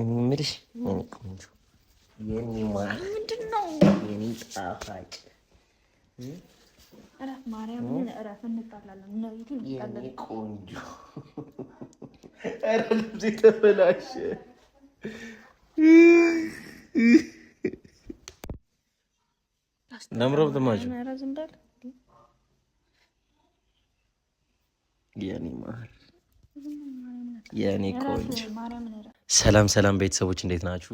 Benim bir Yeni ጣፋጭ ኧረ ማርያምን ኧረ እንጣላለን ነው ይሄ ቆንጆ ኧረ ልብስ የተበላሸ ነምረብ ትማቸው የኔ ማር የእኔ ቆንጆ ሰላም ሰላም ቤተሰቦች እንዴት ናችሁ?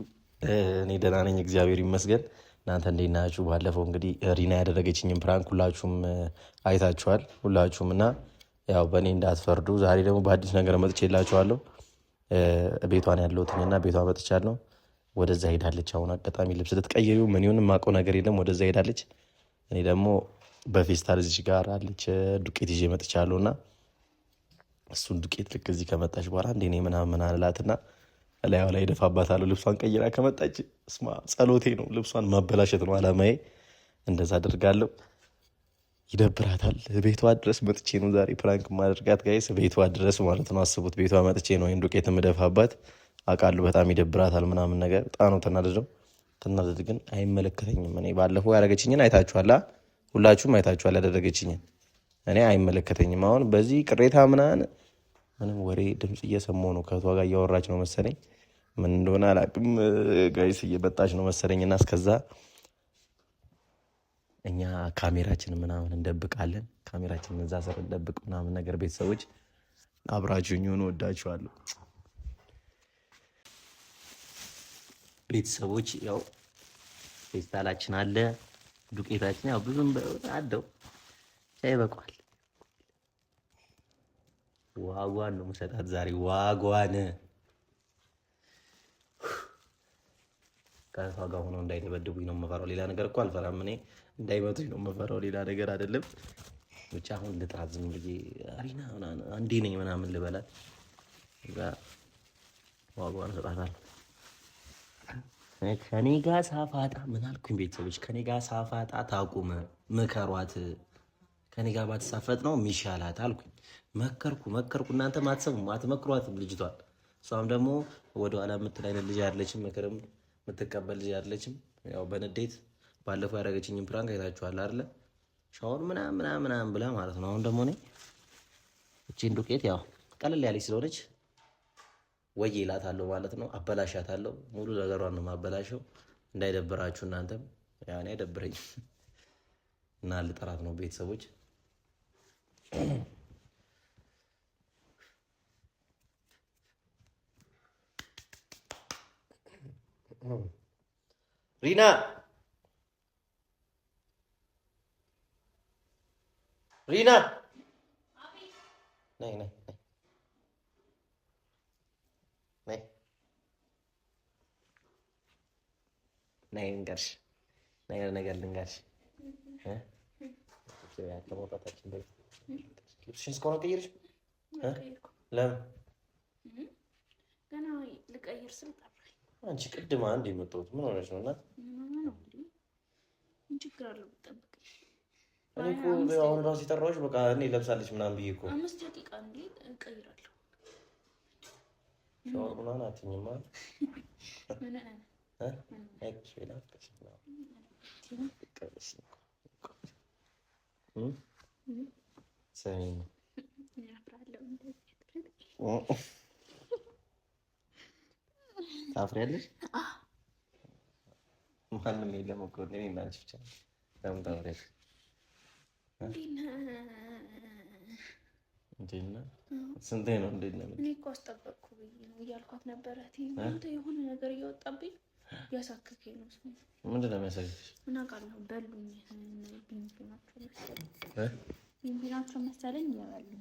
እኔ ደህና ነኝ እግዚአብሔር ይመስገን። እናንተ እንዴት ናችሁ? ባለፈው እንግዲህ ሪና ያደረገችኝን ፕራንክ ሁላችሁም አይታችኋል ሁላችሁም እና ያው በእኔ እንዳትፈርዱ ዛሬ ደግሞ በአዲስ ነገር መጥቼላችኋለሁ። ቤቷን ያለሁትኝና ቤቷ መጥቻለሁ። ወደዛ ሄዳለች። አሁን አጋጣሚ ልብስ ልትቀይሩ ምን ይሁን የማውቀው ነገር የለም። ወደዛ ሄዳለች። እኔ ደግሞ በፌስታል እዚህ ጋር አለች ዱቄት ይዤ መጥቻለሁ እና እሱን ዱቄት ልክ እዚህ ከመጣች በኋላ እንዴ እኔ ምናምን ምናምን እላትና ላያው ላይ ደፋባታለሁ። ልብሷን ቀይራ ከመጣች እስማ ጸሎቴ ነው፣ ልብሷን ማበላሸት ነው አላማዬ። እንደዛ አደርጋለሁ። ይደብራታል። ቤቷ ድረስ መጥቼ ነው ዛሬ ፕራንክ ማደርጋት ጋይስ፣ ቤቷ ድረስ ማለት ነው። አስቡት፣ ቤቷ መጥቼ ነው ይህን ዱቄት የምደፋባት። አውቃለሁ በጣም ይደብራታል ምናምን ነገር በጣም ነው ትናደደው። ትናደድ ግን አይመለከተኝም። እኔ ባለፈው ያደረገችኝን አይታችኋላ፣ ሁላችሁም አይታችኋል ያደረገችኝን እኔ አይመለከተኝም። አሁን በዚህ ቅሬታ ምናምን ምንም ወሬ ድምፅ እየሰማሁ ነው። ከቷ ጋር እያወራች ነው መሰለኝ፣ ምን እንደሆነ አላቅም። ጋይስ እየበጣች ነው መሰለኝ እና እስከዛ እኛ ካሜራችን ምናምን እንደብቃለን። ካሜራችን እዛ ስር እንደብቅ ምናምን ነገር ቤተሰቦች አብራችሁኝ ሆኖ ወዳችኋለሁ። ቤተሰቦች ያው ፌስታላችን አለ ዱቄታችን ያው ብዙም አደው ቻይ በቋል ዋጓን ነው የምሰጣት ዛሬ ዋጓን። ከእሷ ጋር ሆኖ እንዳይደበድቡኝ ነው የምፈራው። ሌላ ነገር እኮ አልፈራም። እኔ እንዳይመቱኝ ነው የምፈራው። ሌላ ነገር አይደለም። ብቻ አሁን ልጥራት ዝም ብዬ አሪና አንዴ ነኝ ምናምን ልበላት። ዋጓን እሰጣታለሁ። ከኔ ጋ ሳፋጣ ምን አልኩኝ? ቤተሰቦች ከኔ ጋ ሳፋጣ ታቁመ ምከሯት። ከኔ ጋ ባትሳፈጥ ነው የሚሻላት አልኩኝ። መከርኩ መከርኩ። እናንተ ማትሰሙ አትመክሯትም ልጅቷን። እሷም ደግሞ ወደኋላ የምትል አይነት ልጅ ያለችም ምክርም የምትቀበል ልጅ ያለችም። ያው በንዴት ባለፈው ያደረገችኝን ፕራንክ አይታችኋል አይደለ? ሻወር ምናምን ምናምን ምናምን ብላ ማለት ነው። አሁን ደግሞ እኔ እቺን ዱቄት ያው ቀለል ያለች ስለሆነች ወይ ይላታለሁ ማለት ነው። አበላሻታለሁ። ሙሉ ነገሯን ነው ማበላሸው። እንዳይደብራችሁ እናንተም ያኔ አይደብረኝም እና ልጠራት ነው ቤተሰቦች Evet. Rina. Rina. Này này này. Này. Neyin karşı? Nelerine geldin karşı? He? Kimse ya tam orada taçın böyle. Kimsiniz konakta giriş? He? Lam. Gana lık ayırsın. አንቺ ቅድም አንድ የመጣሁት ምን ሆነች ነው? እናት እኔ እኮ አሁን ራሱ የጠራሁሽ በቃ እኔ ለብሳለች ምናምን ብዬ እኮ አምስት ደቂቃ እንዴ እቀይራለሁ። ሻወር ምናምን አትኝም አይደል? ሰሚ ነው ታፍሪያለሽ? ማንም የለም እኮ እኔ እና አንቺ ብቻ። ለምን ታፍሪያለሽ? ስንቴ ነው እንዴት ነህ? እኔ እኮ አስጠበቅኩ ብዬ ነው እያልኳት ነበረ። የሆነ ነገር እያወጣብኝ እያሳክከኝ ነው። ምንድን ነው የሚያሳክክሽ? ምን አውቃለሁ። በሉኝ፣ ቢንቢ ናቸው መሰለኝ፣ ቢንቢ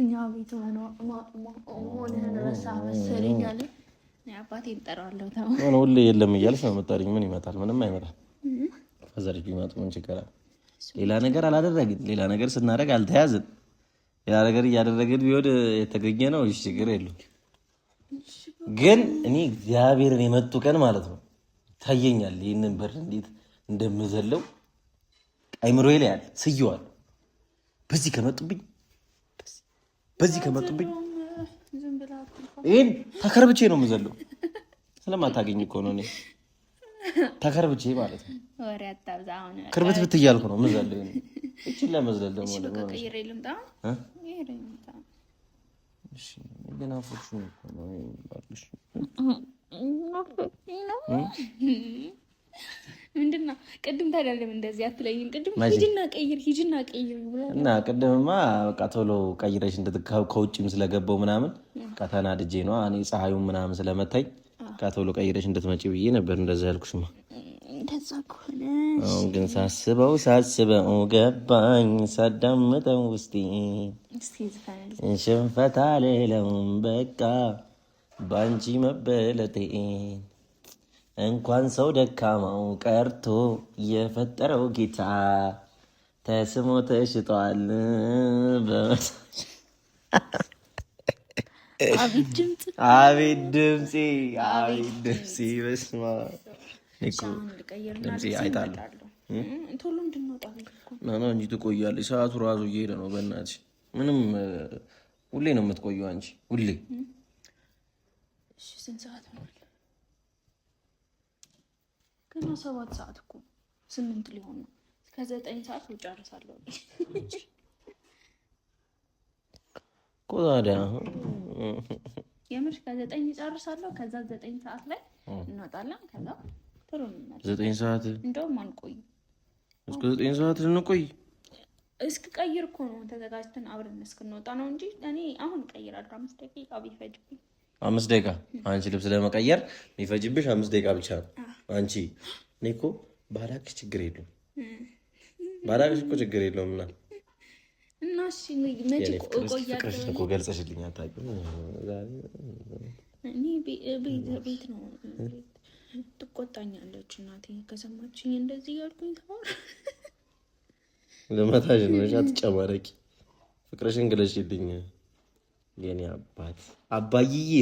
እኛ ቤት ሆነህን ረሳ መሰለኝ አለ። አባቴን እጠራዋለሁ ተማን ሁሌ የለም እያለች ነው የምጠሪኝ። ምን ይመጣል? ምንም አይመጣም። ፈዘርጅ ቢመጡ ምን ችግር አለ? ሌላ ነገር አላደረግን። ሌላ ነገር ስናደርግ አልተያዝን። ሌላ ነገር እያደረግን ቢሆን የተገኘ ነው ችግር የለም። ግን እኔ እግዚአብሔርን የመጡ ቀን ማለት ነው ይታየኛል። ይህንን በር እንዴት እንደምዘለው አይምሮዬ ላይ ያለ ስየዋል። በዚህ ከመጡብኝ በዚህ ከመጡብኝ ይህን ተከርብቼ ነው የምዘለው። ስለማታገኝ እኮ ነው እኔ ተከርብቼ ማለት ነው። ክርብት ብት እያልኩ ነው የምዘለው። እችን ለመዝለል ደግሞ ገና ምንድን ቅድም ታዲያ እንደዚህ አትለኝም? ቅድም ሂጅና ቀይር ሂጅና ቀይር እና ቅድምማ በቃ ቶሎ ቀይረሽ ከውጭም ስለገባው ምናምን ተናድጄ ነዋ እኔ ፀሐዩን ምናምን ስለመታኝ ቶሎ ቀይረሽ እንድትመጪ ብዬ ነበር እንደዛ ያልኩሽማ። እንደዛ ግን ሳስበው ሳስበው ገባኝ ሳዳምጠው ውስጤ ሽንፈታ ሌለውን በቃ ባንቺ መበለጤን እንኳን ሰው ደካማው ቀርቶ የፈጠረው ጌታ ተስሞ ተሽጧል። አቤት ድምፂ አቤት ድምፅ፣ አቤት ነው እንጂ ትቆያለች። ሰዓቱ ራሱ እየሄደ ነው። በእናትሽ ምንም ሁሌ ነው የምትቆየው አንቺ ሁሌ እና ሰባት ሰዓት እኮ ስምንት ሊሆን ነው። እስከ ዘጠኝ ሰዓት እጨርሳለሁ እኮ ታዲያ የምር ከዘጠኝ እጨርሳለሁ። ከዛ ዘጠኝ ሰዓት ላይ እንወጣለን። ከዛ ጥሩ ዘጠኝ ሰዓት እንደውም አንቆይም። እስከ ዘጠኝ ሰዓት ልንቆይ እስክ ቀይር እኮ ነው ተዘጋጅተን አብረን እስክንወጣ ነው እንጂ እኔ አሁን ቀይር አድራ አምስት ደቂቃ ቢፈጅብኝ አምስት ደቂቃ አንቺ ልብስ ለመቀየር የሚፈጅብሽ አምስት ደቂቃ ብቻ ነው። አንቺ እኔ እኮ ባላቅሽ ችግር የለውም፣ ባላክ እኮ ችግር የለውም። እና ፍቅርሽን እኮ ገልጸሽልኝ አታውቂም። ነው ትቆጣኛለች እናቴ ከሰማችኝ እንደዚህ ልመታሽ ነው። አትጨማረቂ፣ ፍቅርሽን ግለሽልኝ የኔ አባት አባይዬ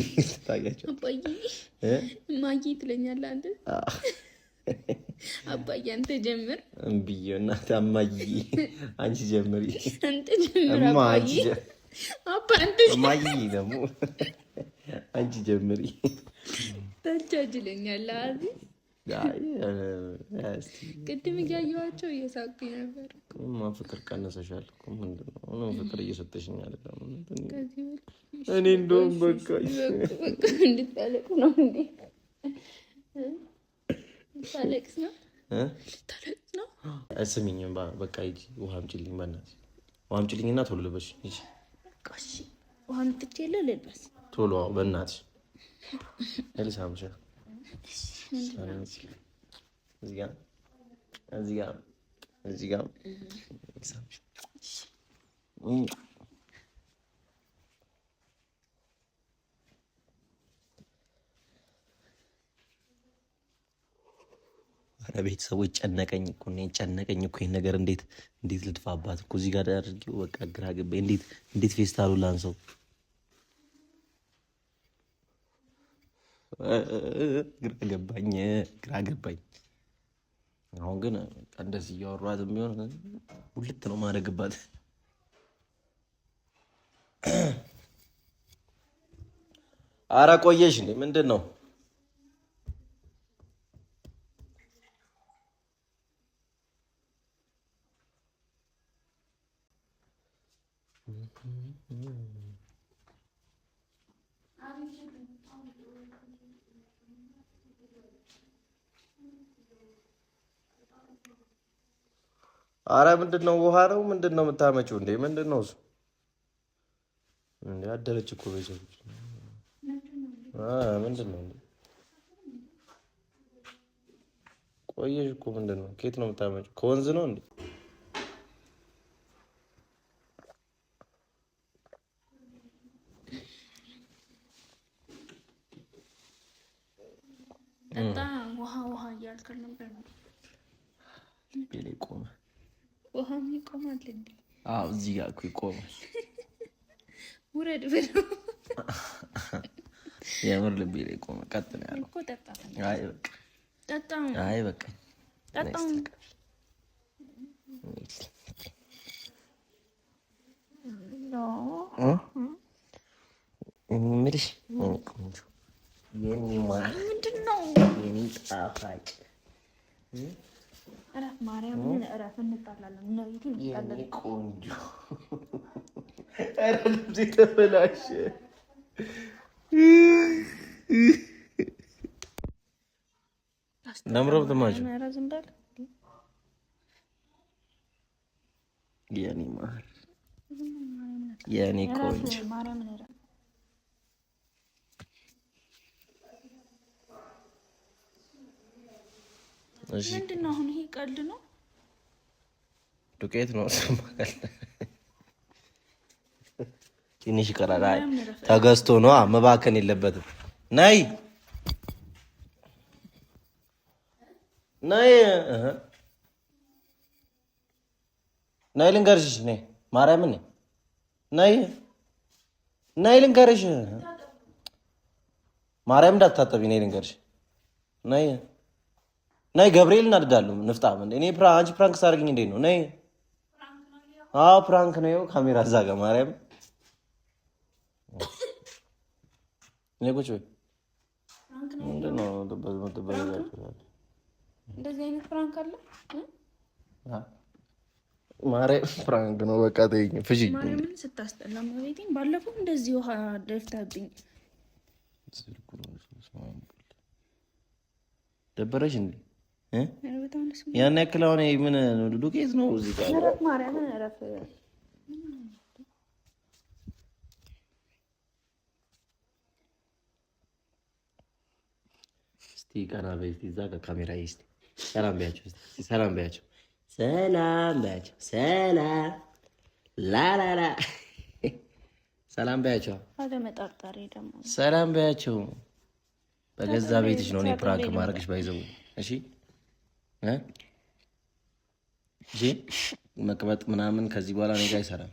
ታውቂያቸው? ማዬ ትለኛለህ አንተ። አባዬ አንተ ጀምር ብዬ እናቴ አማዬ አንቺ ጀምሪ አንተ ጀምር አባዬ ደግሞ አንቺ ጀምሪ ታቻጅለኛለህ አዚ ቅድም እያየኋቸው እየሳቁኝ ነበር። ፍቅር ቀነሰሻል። ምንድነው ፍቅር እየሰጠሽኝ አይደለም። እኔ እንደውም በቃ እንድታለቅ ነው እንዴ? ልታለቅስ ነው? ልታለቅስ ነው? በቃ ሂጂ፣ ውሃ አምጪልኝ። በእናትሽ ውሃ አምጪልኝ እና ቶሎ ልበሽ። ሂጂ ውሃ ምትቼ የለ ልልበስ ቶሎ፣ በእናትሽ ልሳምሻ ቤተሰቦች ጨነቀኝ እኮ እኔ ጨነቀኝ እኮ ይሄን ነገር እንዴት እንዴት ልድፋባት እኮ እዚህ ጋር አድርጌው በቃ ግራ ግቤ እንዴት እንዴት ፌስታሉ ላንሰው ግራ ገባኝ፣ ግራ ገባኝ። አሁን ግን እንደዚህ እያወሯት የሚሆን ሁልት ነው ማደግባት አረ ቆየሽ እንዴ? ምንድን ነው አረ ምንድን ነው ውሃ ነው ምንድን ነው የምታመጪው? እንዴ ምንድን ነው እሱ? እንዴ አደረች እኮ ቤተሰቦች። አዎ ምንድን ነው ቆየሽ እኮ ምንድን ነው? ከየት ነው የምታመጪው? ከወንዝ ነው እንዴ? ይቆማል እንዴ? አዎ እዚህ ጋር እኮ ይቆማል። ውረድ ብሎ የምር ልቤ ላይ ቆመ። ቀጥ ነው ያለው። አይ በቃኝ። ምንሽ ምንድን ነው? እረፍ፣ ማርያምን እረፍ። እንጣላለን ነው ይሄ ቆንጆ። ኧረ ልብሴ ተበላሸ። የኔ ማር የኔ ቆንጆ ምንድን ነው አሁን? ይሄ ቀልድ ነው? ዱቄት ነው። ትንሽ ይቀራል። ተገዝቶ ነው መባከን የለበትም። ናይ ናይ ናይ ልንገርሽ፣ ነይ ማርያምን፣ ናይ ናይ ልንገርሽ፣ ማርያም እንዳታጠቢ፣ ናይ ልንገርሽ፣ ናይ ናይ ገብርኤል እናድዳሉ ንፍጣም እኔ አንቺ ፕራንክ ሳርግኝ እንዴ ነው? ናይ አዎ ፕራንክ ነው። ካሜራ እዛ ጋር ማርያም እኔ ቁጭ ምንድን ነው እንደዚህ አይነት ፕራንክ አለ? ማርያም ፕራንክ ነው በቃ ተይኝ። ፍጂ ማርያምን ስታስጠላ ማለቴን ባለፈው እንደዚህ ውሃ ደፍታብኝ ደበረሽ እንዴ? ያን ያክል አሁን ምን ዱቄት ነው እዚህ ጋር እስቲ ቀና በይ እስቲ እዛ ከካሜራ እስቲ ሰላም በያቸው ሰላም በያቸው ሰላም በያቸው ሰላም ላላላ ሰላም በያቸው ሰላም በያቸው። በገዛ ቤትሽ ነው እኔ ፕራንክ ማድረግሽ ባይዘው እሺ መቅበጥ ምናምን ከዚህ በኋላ እኔ ጋር አይሰራም።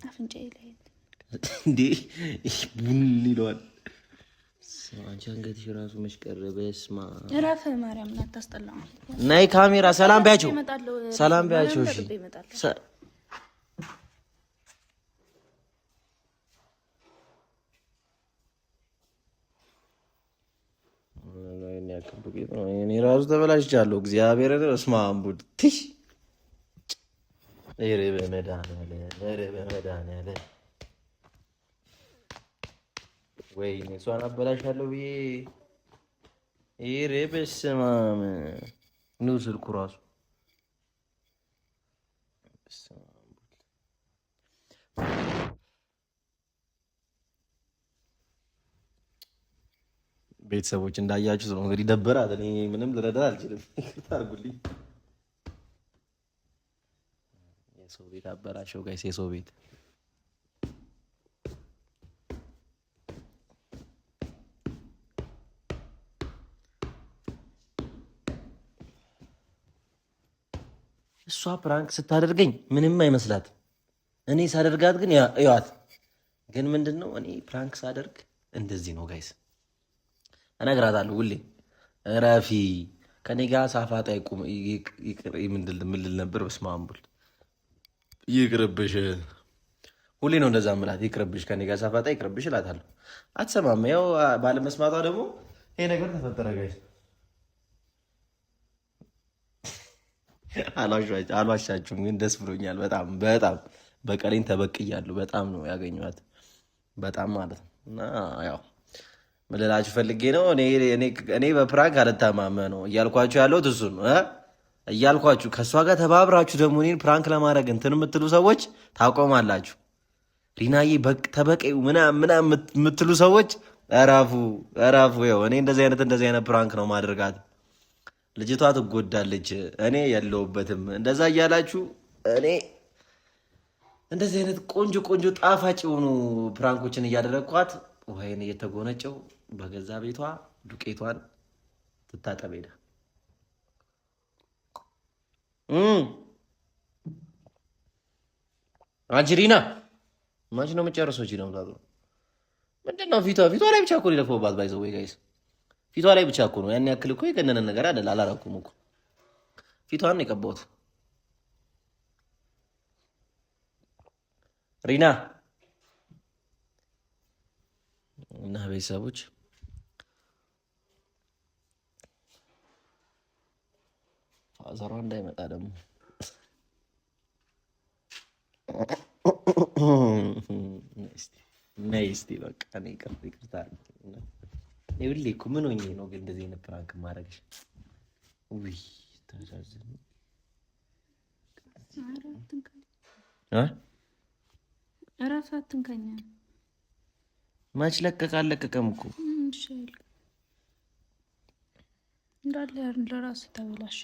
እንዴ ቡን ይለዋል። አንቺ አንገትሽ ራሱ መሽቀር በስማ አብ ማርያም ናታስጠላ። ናይ ካሜራ ሰላም ቢያቸው፣ ሰላም ቢያቸው። እኔ ራሱ ተበላሽቻለሁ። እግዚአብሔርን እስማ አንቡድ ትይ ኧረ በመድኃኒዓለም ኧረ በመድኃኒዓለም ወይኔ እሷን አበላሻለሁ ብዬ ኧረ በስመ አብ ነው ስልኩ ራሱ Thank ቤተሰቦች እንዳያችሁ ነው እንግዲህ ደበራት። እኔ ምንም ልረዳ አልችልም። ታርጉልኝ። የሰው ቤት አበላሸው ጋይስ፣ የሰው ቤት እሷ ፕራንክ ስታደርገኝ ምንም አይመስላት። እኔ ሳደርጋት ግን ያዋት ግን ምንድን ነው እኔ ፕራንክ ሳደርግ እንደዚህ ነው ጋይስ እነግራታለሁ። ሁሌ እረፊ ከኔ ጋር ሳፋጣ ምንድል ነበር። በስመ ይቅርብሽ። ሁሌ ነው እንደዛ ምላት። ይቅርብሽ ከኔ ጋር ሳፋጣ ይቅርብሽ እላታለሁ። አትሰማም። ያው ባለመስማቷ ደግሞ ይሄ ነገር ተፈጠረ። ጋይስ አልዋሻችሁም፣ ግን ደስ ብሎኛል። በጣም በጣም በቀሌን ተበቅያለሁ። በጣም ነው ያገኘኋት፣ በጣም ማለት ነው እና ያው ምልላችሁ ፈልጌ ነው። እኔ በፕራንክ አልታማመ ነው እያልኳችሁ ያለሁት እሱን እያልኳችሁ ከእሷ ጋር ተባብራችሁ ደግሞ እኔን ፕራንክ ለማድረግ እንትን የምትሉ ሰዎች ታቆማላችሁ። ሪናዬ ተበቀዩ ምና የምትሉ ሰዎች ራፉ ራፉ። ይኸው እኔ እንደዚህ አይነት እንደዚህ አይነት ፕራንክ ነው ማድረጋት። ልጅቷ ትጎዳለች፣ እኔ የለውበትም። እንደዛ እያላችሁ እኔ እንደዚህ አይነት ቆንጆ ቆንጆ ጣፋጭ የሆኑ ፕራንኮችን እያደረግኳት ውሃይን እየተጎነጨው በገዛ ቤቷ ዱቄቷን ትታጠብ ሄዳ አጅሪና ማች ነው የምጨርሰው። ቺ ነው ምንድን ነው ፊቷ ፊቷ ላይ ብቻ እኮ ሊለፈውባት ባይዘ ወይ ጋይስ፣ ፊቷ ላይ ብቻ እኮ ነው። ያን ያክል እኮ የገነነ ነገር አይደል። አላረኩም እኮ ፊቷን የቀባሁት ሪና እና ቤተሰቦች አዘሯ እንዳይመጣ ደግሞ ነይ እስኪ በቃ እኔ ይቅርታ ይቅርታ። ይኸውልህ እኮ ምን ሆኜ ነው ግን እንደዚህ አይነት ፕራንክ ማድረግሽ? ውይ ተዛዝን እራሱ አትንካኝ። መች ለቀቀ? አለቀቀም እኮ እንዳለ ለራሱ ተበላሽ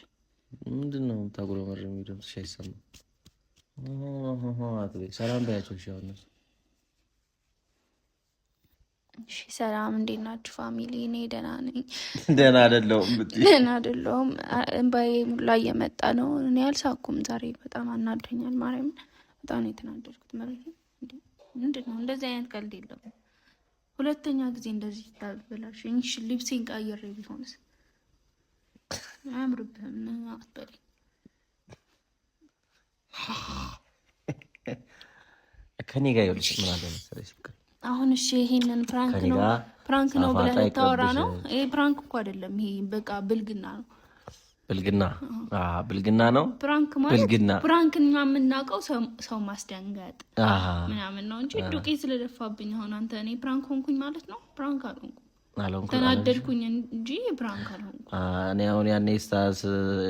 ምንድን ነው የምታጉረመርም? ሻ አይሰማም። ሰላም በያቸው። እሺ አሁን እሺ፣ ሰላም እንዴት ናችሁ ፋሚሊ? እኔ ደህና ነኝ። ደህና አይደለሁም፣ ደህና አይደለሁም። እንባዬ ሙላ እየመጣ ነው። እኔ አልሳኩም ዛሬ። በጣም አናደኛል። ማርያምን በጣም ነው የተናደድኩት። ማለት ምንድን ነው እንደዚህ አይነት ቀልድ የለም። ሁለተኛ ጊዜ እንደዚህ ታበላሽ። ልብሴን ቀይሬ ቢሆንስ አያምርብህም ምንም አትበለኝ። ከኔ ጋር ይኸውልሽ ምን አለ መሰለሽ አሁን እሺ ይሄንን ፕራንክ ነው ፕራንክ ነው ብለህ ልታወራ ነው? ይሄ ፕራንክ እኮ አይደለም። ይሄ በቃ ብልግና ነው። ብልግና አዎ፣ ብልግና ነው። ፕራንክ ማለት ብልግና ፕራንክ እኛ የምናውቀው ሰው ማስደንገጥ ምናምን ነው እንጂ ዱቄ ስለደፋብኝ አሁን አንተ እኔ ፕራንክ ሆንኩኝ ማለት ነው። ፕራንክ አልሆንኩም ተናደድኩኝ እንጂ ብራንክ አልሆንኩም። እኔ አሁን ያኔ ስታስ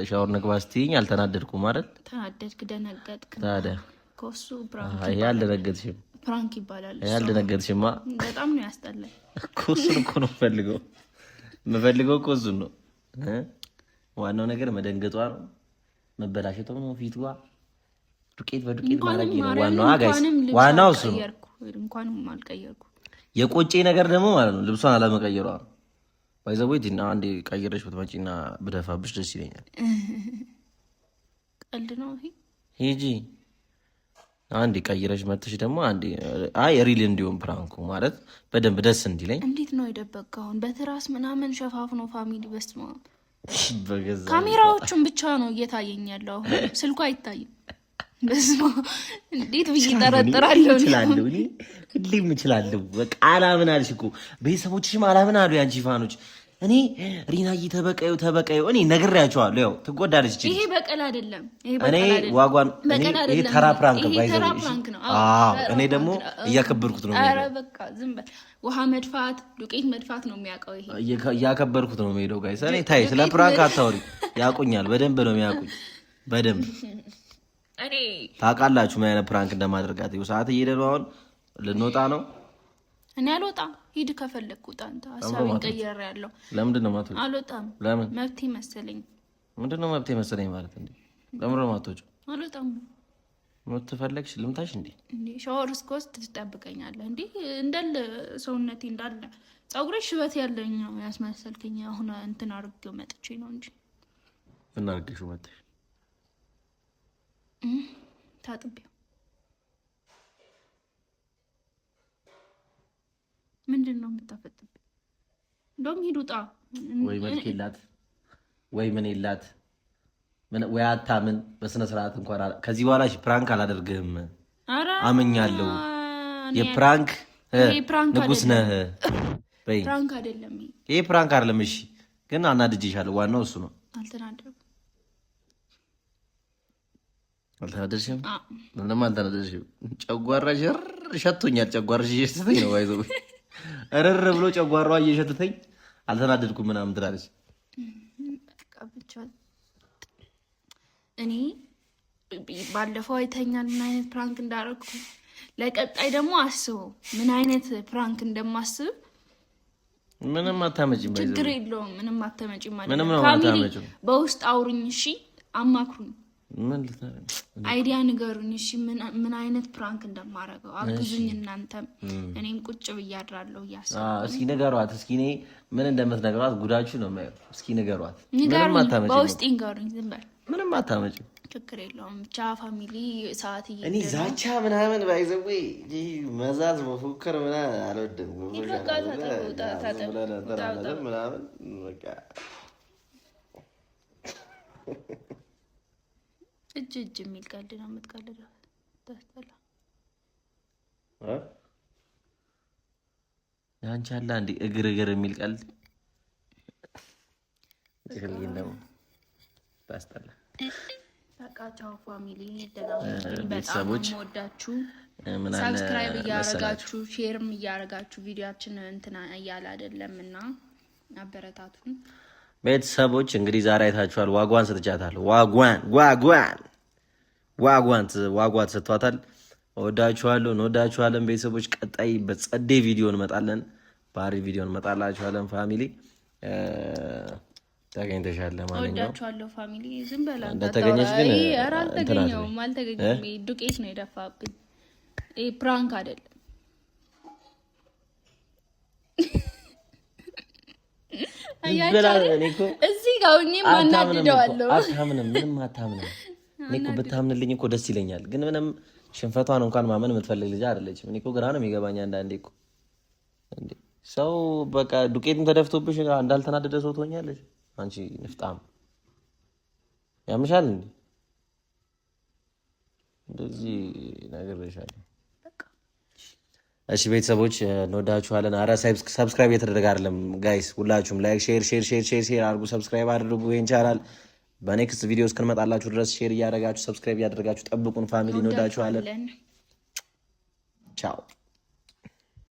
ሻወር ንግባ ስትይኝ አልተናደድኩም ማለት ተናደድክ፣ ደነገጥክ። ታዲያ ከሱ ይሄ አልደነገጥሽም? ፕራንክ ይባላል። ይሄ አልደነገጥሽማ። በጣም ነው ያስጠላኝ እኮ እሱን እኮ ነው የምፈልገው የምፈልገው እኮ እሱን ነው። ዋናው ነገር መደንገጧ ነው መበላሸቷ ነው ፊትዋ ዱቄት በዱቄት ማድረግ ነው ዋናው። ዋናው እሱ ነው። እንኳንም አልቀየርኩ የቆጬ ነገር ደግሞ ማለት ነው ልብሷን አለመቀየሯ ነው። ባይዘቦይ ዲና አንዴ ቀይረሽ ብትመጪና ብደፋብሽ ደስ ይለኛል። ቀልድ ነው ሂጂ አንዴ ቀይረሽ መጥሽ ደግሞ አንዴ አይ ሪል እንዲሁም ፕራንኩ ማለት በደንብ ደስ እንዲለኝ። እንዴት ነው የደበቀውን በትራስ ምናምን ሸፋፍ ነው ፋሚሊ በስት ካሜራዎቹን ብቻ ነው እየታየኝ ያለው። አሁን ስልኩ አይታይም። እንዴት ብዬ እችላለሁ፣ ሁሌም እችላለሁ። በቃ አላምን አልሽ እኮ ቤተሰቦችሽም አላምን አሉ። የአንቺ ፋኖች እኔ ሪናዬ ተበቀዩ ተበቀዩ እኔ ነግሬያቸዋለሁ። ያው ትጎዳለች። ይሄ በቀል አይደለም፣ እኔ ዋጓን ይሄ ተራ ፕራንክ ነው። እኔ ደግሞ እያከበርኩት ነው። ኧረ በቃ ዝም በል። ውሃ መድፋት፣ ዱቄት መድፋት ነው የሚያውቀው። ይሄ እያከበርኩት ነው የምሄደው። እኔ ታይ ስለ ፕራንክ አታወሪ። ያውቁኛል፣ በደንብ ነው የሚያውቁኝ፣ በደንብ ታውቃላችሁ ምን አይነት ፕራንክ እንደማደርጋት። ሰዓት እየሄደ ነው። አሁን ልንወጣ ነው። እኔ አልወጣም። ሂድ ከፈለግኩ ውጣ። አንተ ሀሳቤን ያለው ለምንድን ነው ማቶ? አልወጣም። ለምን? መብቴ መሰለኝ። ምንድን ነው መብቴ መሰለኝ ማለት እንዴ? ለምንድን ነው የማትወጪው? አልወጣም። ምትፈለግሽ ልምታሽ እንዴ? ሻወር እስከ ውስጥ ትጠብቀኛለህ እንዴ? እንዳለ ሰውነቴ እንዳለ ፀጉሬ ሽበት ያለኝ ነው ያስመሰልከኝ። አሁን እንትን አድርጌው መጥቼ ነው እንጂ እናርገሹ መጥሽ ታጥቢው ምንድን ነው የምታፈጥብኝ? እንደውም ሂድ ውጣ። ወይ መልክ የላት ወይ ምን የላት ወይ አታምን። በስነ ስርዓት እንኳን ከዚህ በኋላ ፕራንክ አላደርግህም። አመኛለሁ። የፕራንክ ንጉስ ነህ። ፕራንክ አይደለም ይሄ ፕራንክ አይደለም። እሺ ግን አናድጄሻለሁ። ዋናው እሱ ነው። አልተናደድሽም? ምንም አልተናደድሽም? ጨጓራሽ ሸቶኛል። ጨጓራሽ እየሸተተኝ ነው። ባይዘ እርር ብሎ ጨጓራዋ እየሸተተኝ አልተናደድኩም ምናምን ትላለች። እኔ ባለፈው አይተኛል ምን አይነት ፕራንክ እንዳደረግኩ። ለቀጣይ ደግሞ አስቡ ምን አይነት ፕራንክ እንደማስብ ምንም አታመጪም። ችግር የለውም ምንም አታመጪም ማለት ነው። በውስጥ አውሩኝ፣ እሺ አማክሩኝ አይዲያ ንገሩኝ። እሺ ምን አይነት ፕራንክ እንደማደርገው አግዙኝ። እናንተም እኔም ቁጭ ብያድራለሁ እያሰብኩ። እስኪ ንገሯት፣ እስኪ እኔ ምን እንደምትነግሯት ጉዳችሁ ነው የማየው። እስኪ ንገሯት፣ በውስጥ ንገሩኝ። ዝም በል ምንም አታመጪም፣ ችግር የለውም ብቻ ፋሚሊ ሰዓት እየ እኔ ዛቻ ምናምን ባይዘዌ መዛዝ መፎከር ምናምን አልወድም ምናምን እጅ እጅ የሚል ቀልድ ነው የምትቀልደው። ታስጠላ አንቺ አለ አንዴ እግር እግር የሚል ቀልድ ነው ታስጠላ። ፋሚሊ፣ ቤተሰቦች ወዳችሁ ሰብስክራይብ እያረጋችሁ ሼርም እያረጋችሁ ቪዲዮችን እንትና እያለ አይደለም እና አበረታቱን። ቤተሰቦች እንግዲህ ዛሬ አይታችኋል። ዋጓን ሰጥቻታለሁ። ዋጓን ዋጓን ዋጓን ዋጓ ተሰጥቷታል። እወዳችኋለሁ፣ እንወዳችኋለን ቤተሰቦች። ቀጣይ በጸዴ ቪዲዮ እንመጣለን፣ ባሪ ቪዲዮ እንመጣላችኋለን። ፋሚሊ ተገኝተሻለ ማለት ነው። ወዳችኋለሁ ፋሚሊ። ዝም በላ እንደተገኘሽ ግን አልተገኘሁም፣ አልተገኘሁም። ዱቄት ነው የደፋብኝ። ፕራንክ አይደለም። እዚህ ጋር ሆኜ ማናድደዋለሁ። አታምንም፣ ምንም አታምንም። እኔ እኮ ብታምንልኝ እኮ ደስ ይለኛል፣ ግን ምንም ሽንፈቷን እንኳን ማመን የምትፈልግ ልጅ አይደለችም። እኔ እኮ ግራ ነው የሚገባኝ አንዳንዴ እኮ ሰው በቃ ዱቄትም ተደፍቶብሽ እንዳልተናደደ ሰው ትሆኛለሽ። አንቺ ንፍጣም ያምሻል እንዴ? እንደዚህ እሺ ቤተሰቦች እንወዳችኋለን። አረ ሰብስክራይብ እየተደረገ አይደለም ጋይስ፣ ሁላችሁም ላይክ፣ ሼር ሼር ሼር ሼር ሼር አድርጉ፣ ሰብስክራይብ አድርጉ። ይህን ቻናል በኔክስት ቪዲዮ እስክንመጣላችሁ ድረስ ሼር እያደረጋችሁ ሰብስክራይብ እያደረጋችሁ ጠብቁን። ፋሚሊ እንወዳችኋለን። ቻው